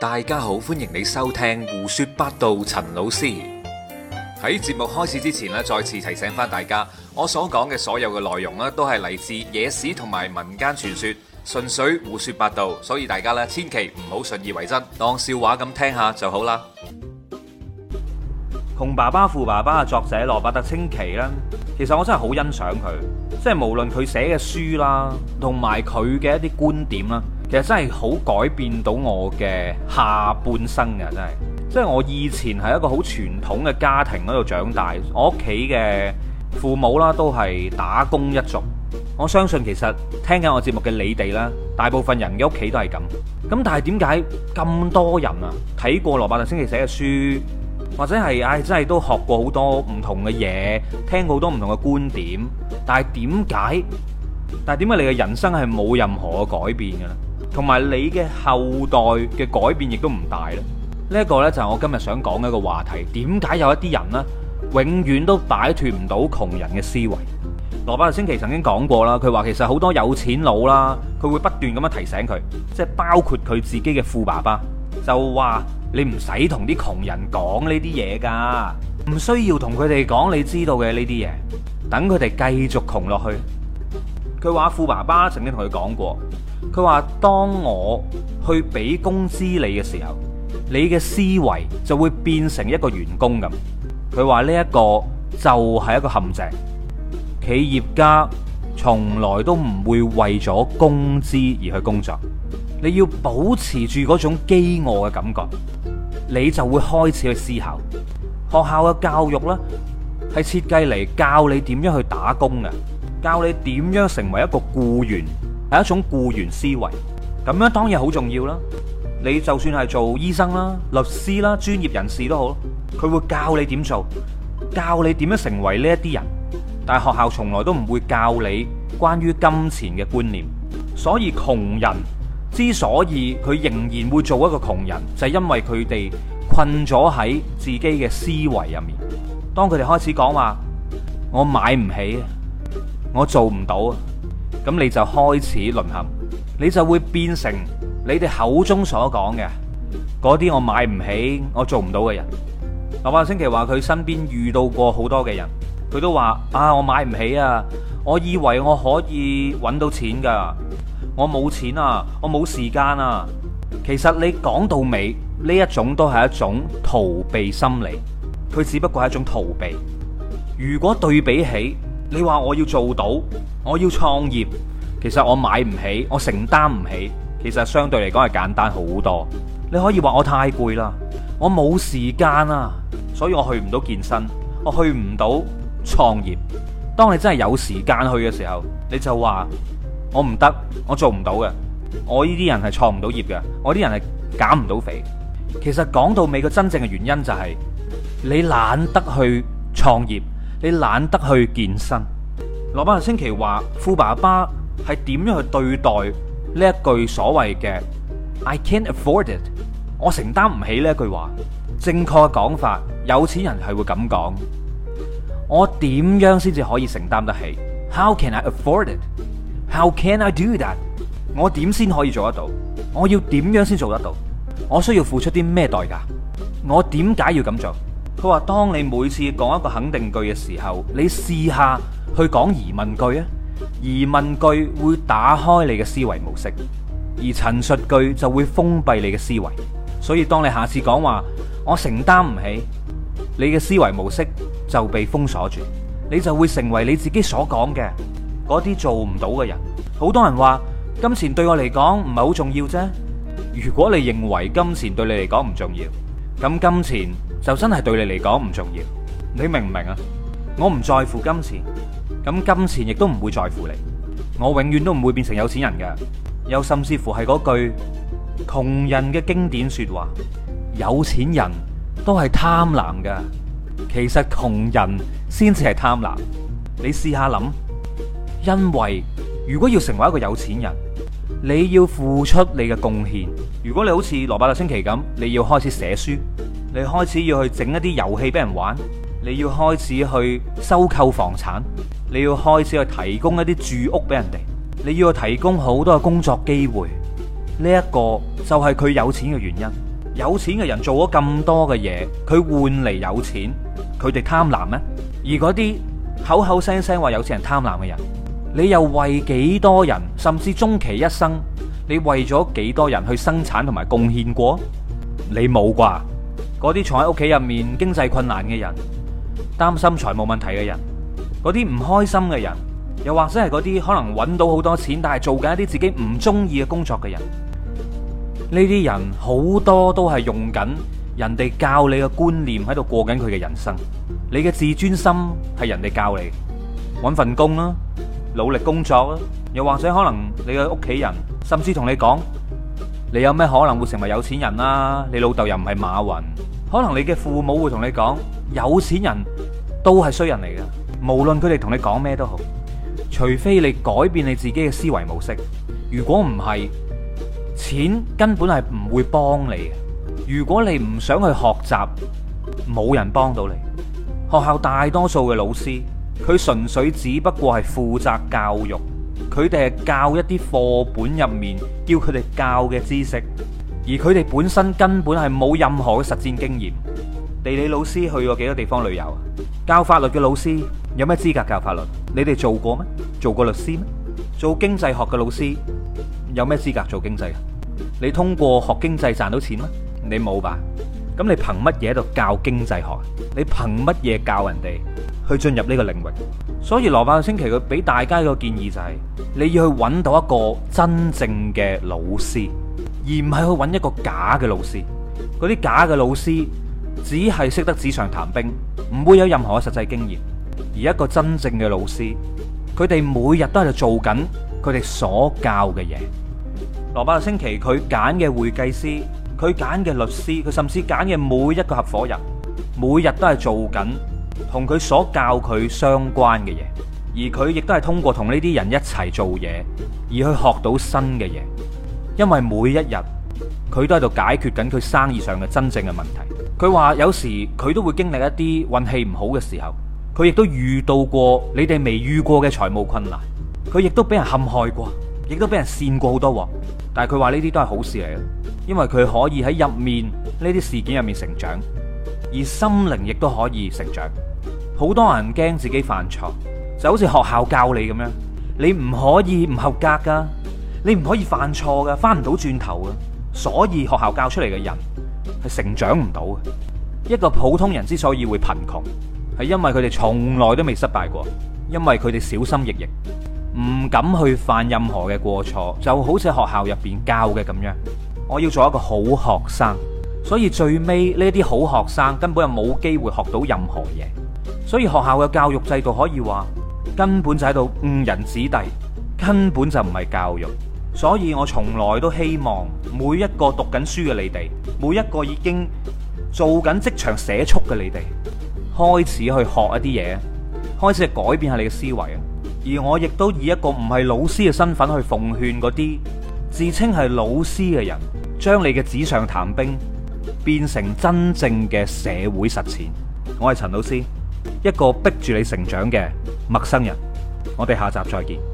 大家好，歡迎你收聽胡說八道。陳老師喺節目開始之前咧，再次提醒翻大家，我所講嘅所有嘅內容咧，都係嚟自野史同埋民間傳說，純粹胡說八道，所以大家咧千祈唔好信以為真，當笑話咁聽下就好啦。窮爸爸富爸爸嘅作者羅伯特清崎咧，其實我真係好欣賞佢，即係無論佢寫嘅書啦，同埋佢嘅一啲觀點啦。其實真係好改變到我嘅下半生嘅，真係，即係我以前喺一個好傳統嘅家庭嗰度長大，我屋企嘅父母啦都係打工一族。我相信其實聽緊我節目嘅你哋啦，大部分人嘅屋企都係咁。咁但係點解咁多人啊，睇過羅伯特·清崎寫嘅書，或者係唉、哎、真係都學過好多唔同嘅嘢，聽過好多唔同嘅觀點，但係點解？但係點解你嘅人生係冇任何嘅改變嘅咧？同埋你嘅後代嘅改變亦都唔大咧，呢、這、一個咧就係我今日想講嘅一個話題。點解有一啲人呢，永遠都擺脫唔到窮人嘅思維？羅伯特清崎曾經講過啦，佢話其實好多有錢佬啦，佢會不斷咁樣提醒佢，即係包括佢自己嘅富爸爸，就話你唔使同啲窮人講呢啲嘢噶，唔需要同佢哋講你知道嘅呢啲嘢，等佢哋繼續窮落去。佢話富爸爸曾經同佢講過。佢話當我去俾工資你嘅時候，你嘅思維就會變成一個員工咁。佢話呢一個就係一個陷阱。企業家從來都唔會為咗工資而去工作。你要保持住嗰種飢餓嘅感覺，你就會開始去思考。學校嘅教育咧，係設計嚟教你點樣去打工嘅，教你點樣成為一個僱員。係一種僱員思維，咁樣當然好重要啦。你就算係做醫生啦、律師啦、專業人士都好，佢會教你點做，教你點樣成為呢一啲人。但係學校從來都唔會教你關於金錢嘅觀念。所以窮人之所以佢仍然會做一個窮人，就係因為佢哋困咗喺自己嘅思維入面。當佢哋開始講話，我買唔起，我做唔到啊，咁你就開始淪陷，你就會變成你哋口中所講嘅嗰啲我買唔起、我做唔到嘅人。上個星期話佢身邊遇到過好多嘅人，佢都話啊，我買唔起啊，我以為我可以揾到錢噶，我冇錢啊，我冇時間啊。其實你講到尾呢一種都係一種逃避心理，佢只不過係一種逃避。如果對比起，你話我要做到，我要創業，其實我買唔起，我承擔唔起，其實相對嚟講係簡單好多。你可以話我太攰啦，我冇時間啦，所以我去唔到健身，我去唔到創業。當你真係有時間去嘅時候，你就話我唔得，我做唔到嘅，我呢啲人係創唔到業嘅，我啲人係減唔到肥。其實講到尾個真正嘅原因就係你懶得去創業。你懶得去健身。羅伯特·清崎話：富爸爸係點樣去對待呢一句所謂嘅「I can't afford it」？我承擔唔起呢句話。正確嘅講法，有錢人係會咁講。我點樣先至可以承擔得起？How can I afford it？How can I do that？我點先可以做得到？我要點樣先做得到？我需要付出啲咩代價？我點解要咁做？佢話：當你每次講一個肯定句嘅時候，你試下去講疑問句啊。疑問句會打開你嘅思維模式，而陳述句就會封閉你嘅思維。所以當你下次講話，我承擔唔起，你嘅思維模式就被封鎖住，你就會成為你自己所講嘅嗰啲做唔到嘅人。好多人話金錢對我嚟講唔係好重要啫。如果你認為金錢對你嚟講唔重要，咁金錢。就真係對你嚟講唔重要，你明唔明啊？我唔在乎金錢，咁金錢亦都唔會在乎你，我永遠都唔會變成有錢人嘅，又甚至乎係嗰句窮人嘅經典說話：有錢人都係貪婪嘅，其實窮人先至係貪婪。你試下諗，因為如果要成為一個有錢人，你要付出你嘅貢獻。如果你好似羅伯特·清崎咁，你要開始寫書。你開始要去整一啲遊戲俾人玩，你要開始去收購房產，你要開始去提供一啲住屋俾人哋，你要提供好多嘅工作機會。呢一個就係佢有錢嘅原因。有錢嘅人做咗咁多嘅嘢，佢換嚟有錢，佢哋貪婪咩？而嗰啲口口聲聲話有錢人貪婪嘅人，你又為幾多人？甚至終其一生，你為咗幾多人去生產同埋貢獻過？你冇啩？嗰啲坐喺屋企入面經濟困難嘅人，擔心財務問題嘅人，嗰啲唔開心嘅人，又或者係嗰啲可能搵到好多錢，但係做緊一啲自己唔中意嘅工作嘅人，呢啲人好多都係用緊人哋教你嘅觀念喺度過緊佢嘅人生。你嘅自尊心係人哋教你搵份工啦，努力工作啦，又或者可能你嘅屋企人甚至同你講。你有咩可能會成為有錢人啦、啊？你老豆又唔係馬雲，可能你嘅父母會同你講有錢人都係衰人嚟嘅，無論佢哋同你講咩都好，除非你改變你自己嘅思維模式。如果唔係，錢根本係唔會幫你嘅。如果你唔想去學習，冇人幫到你。學校大多數嘅老師，佢純粹只不過係負責教育。佢哋係教一啲課本入面，叫佢哋教嘅知識，而佢哋本身根本係冇任何嘅實戰經驗。地理老師去過幾多地方旅遊啊？教法律嘅老師有咩資格教法律？你哋做過咩？做過律師咩？做經濟學嘅老師有咩資格做經濟？你通過學經濟賺到錢嗎？你冇吧？咁你憑乜嘢喺度教經濟學？你憑乜嘢教人哋？去進入呢個領域，所以羅伯特·清奇佢俾大家個建議就係，你要去揾到一個真正嘅老師，而唔係去揾一個假嘅老師。嗰啲假嘅老師只係識得紙上談兵，唔會有任何嘅實際經驗。而一個真正嘅老師，佢哋每日都係做緊佢哋所教嘅嘢。羅伯特·清奇佢揀嘅會計師，佢揀嘅律師，佢甚至揀嘅每一個合伙人，每日都係做緊同佢所教佢相關嘅嘢，而佢亦都係通過同呢啲人一齊做嘢而去學到新嘅嘢。因為每一日佢都喺度解決緊佢生意上嘅真正嘅問題。佢話有時佢都會經歷一啲運氣唔好嘅時候，佢亦都遇到過你哋未遇過嘅財務困難，佢亦都俾人陷害過，亦都俾人扇過好多鑊。但係佢話呢啲都係好事嚟嘅，因為佢可以喺入面呢啲事件入面成長。而心靈亦都可以成長。好多人驚自己犯錯，就好似學校教你咁樣，你唔可以唔合格噶，你唔可以犯錯噶，翻唔到轉頭噶。所以學校教出嚟嘅人係成長唔到嘅。一個普通人之所以會貧窮，係因為佢哋從來都未失敗過，因為佢哋小心翼翼，唔敢去犯任何嘅過錯，就好似學校入邊教嘅咁樣。我要做一個好學生。所以最尾呢啲好學生根本就冇機會學到任何嘢，所以學校嘅教育制度可以話根本就喺度誤人子弟，根本就唔係教育。所以我從來都希望每一個讀緊書嘅你哋，每一個已經做緊職場社畜嘅你哋，開始去學一啲嘢，開始改變下你嘅思維。啊，而我亦都以一個唔係老師嘅身份去奉勸嗰啲自稱係老師嘅人，將你嘅紙上談兵。變成真正嘅社會實踐。我係陳老師，一個逼住你成長嘅陌生人。我哋下集再見。